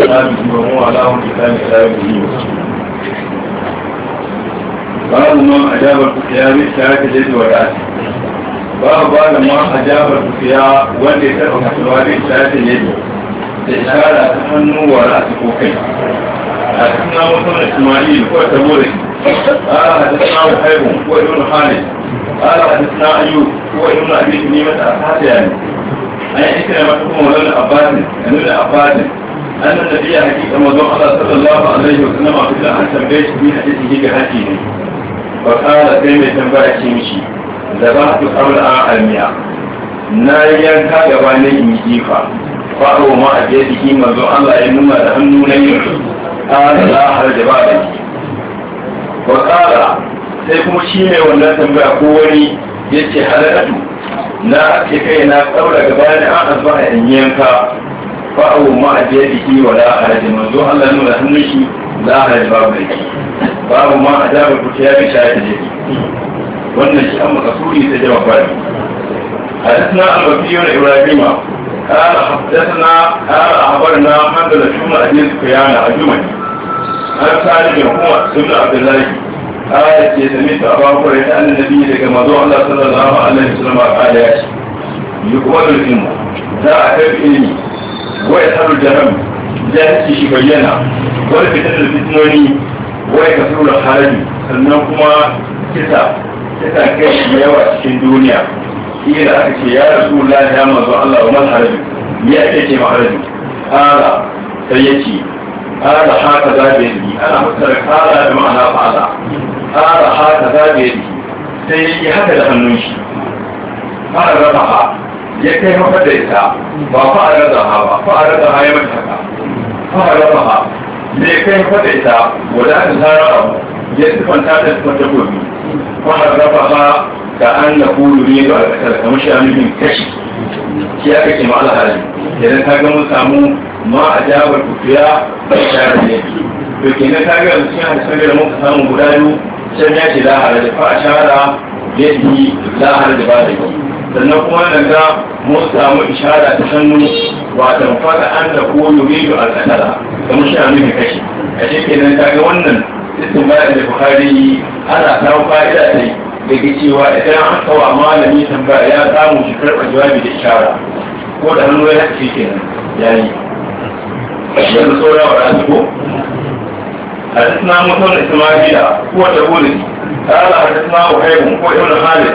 ثابت وهو على أمر الله لا يبنيه باب من أجاب الفتيا بالشارك الجد والرأس باب بعد ما أجاب الفتيا والذي تبقى حسوا بالشارك الجد تشارة تحنو ورأس كوكي حدثنا مصر إسماعيل هو تبوري قال حدثنا وحيب هو ابن خالد قال حدثنا أيوب هو ابن أبي تميمة أصحابي يعني أنا إكرمتكم ولن أبادن ولن أبادن أن النبي حقيقة مدوحة صلى الله عليه وسلم في الله أن تنبيش في حديثه بحديث فقال كلمة تنبأ شمشي ذبحت قبل أعلمها نايان كاغباني مجيفا فأرو ما أجيبه منذ الله إنما لأنه نيم قال لا حرج بعدك وقال سيكم شيمي ولا تنبأ قواني يتي حلقته na ake kai na tsaura gaba da an azbaha in yanka fa'u ma a biyar jiki wa la haraji manzo لا ya nuna hannun shi la haraji babu da jiki babu ma a jabar kuta ya bi shayar da jiki wannan shi an makasuri ta jawab bari حدثنا الوفي ابراهيم قال حدثنا قال اخبرنا حنظله بن ابي سفيان الجمعي عن سالم بن عمر بن عبد الله قال سمعت ابا هريره ان النبي لك مزوع الله صلى الله عليه وسلم قال يا شيخ يقبل العلم لا اكل علمي ويظهر الجرم جاهلتي شي بينا ولا فتن الفتنوني ويكثر الخرج sannan kuma kisa kisa kai da yawa cikin duniya shi da aka ce ya rasu lahi ya mazu Allah wa mazharabi ya ake ce maharabi kara sai ya ce kara haka za da yi ana fasara kara da ma'ana fa'ala kara haka za da yi sai ya haka da hannun shi fara rafa ya kai maka da ita ba fa a raza ha ba fa a raza ha ya mace ka fa a raza ha ne kai maka da ita wadda ta raza ya kwanta da sifanta gobe fa a raza ha ka an na kulu ne ga alƙasar kamar shi amin kashi shi aka ce ma'ala hali idan ka ga samu ma a jabar kufiya bai shara ne to kenan ka ga cikin hadisan da muka samu guda biyu can ya ce la da fa a shara yadda la da ba da yau sannan kuma na ga mun samu ishara ta sannu watan fara an da ko yuridu al-qatala kamar shi amin ka kashi a shekenan ta ga wannan istinbadi da bukhari ana samun fa'ida ta daga cewa idan an kawo malami tambaya ya samu shi karɓar jawabi da ishara ko da hannu ya haka kenan yayi yanzu saura wa rasu ko حدثنا موسى بن اسماعيل هو تقول قال حدثنا وهيب هو ابن خالد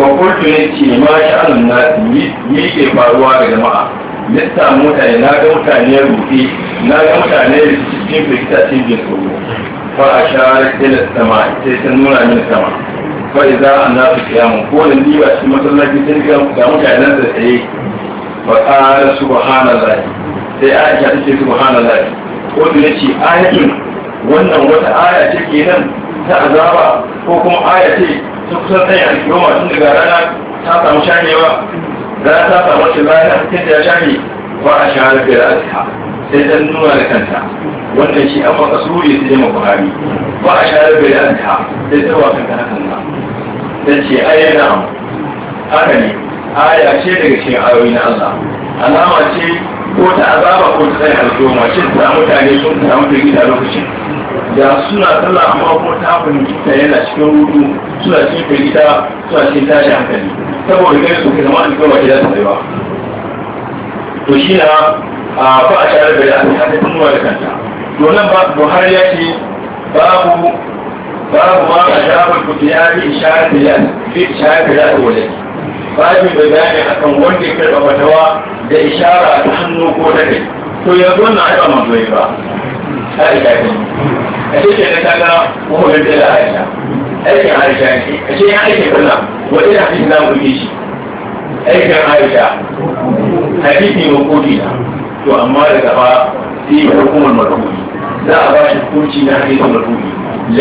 kwakwurtu ne ce ma sha'anun nasi faruwa ga jama'a mutane na ga mutane na ga mutane da cikin firgita cikin tsoro fa a share sama sai nuna min sama fa idza annasu qiyamu ko ba mutane sai aisha ta ce wata kenan ta azaba ko sun tsaya a cikin wasu daga rana ta samu shanewa rana ta samu wacce bayan ta fitar da shane ba a shahara da ra'asa sai ta nuna da kanta wannan shi an baka suri su jama buhari ba a shahara da ra'asa sai ta wakan ta hakan na ta ce a na haka ne aya ce daga cikin ayoyi na Allah alama ce ko ta azaba ko ta tsaye al'umma ce ta mutane sun samu da gida lokacin da suna sallah amma ko ta fahimci ta yana cikin rudu suna cikin firgita suna cikin tashi hankali saboda kai su ke zama alƙawar wace za ta tsaye ba to shi na a fa a share da ya ta ta nuna da kanta to nan ba buhari ya ce babu babu ma a sharar kutiyari isharar da ya fi isharar da ya ta wajen babu da bayani kan wanda ya karɓa fatawa da ishara ta hannu ko ta kai to yanzu wannan aiwa manzo ya ba ta isharar ashe ke na kaga kuma da dala aisha aikin aisha ne ashe ya aikin sallah wani na hadisi na gurbe shi aikin aisha hadisi ne kodi na to amma daga ba sai hukumar marhumi za a ba shi hukunci na hadisi marhumi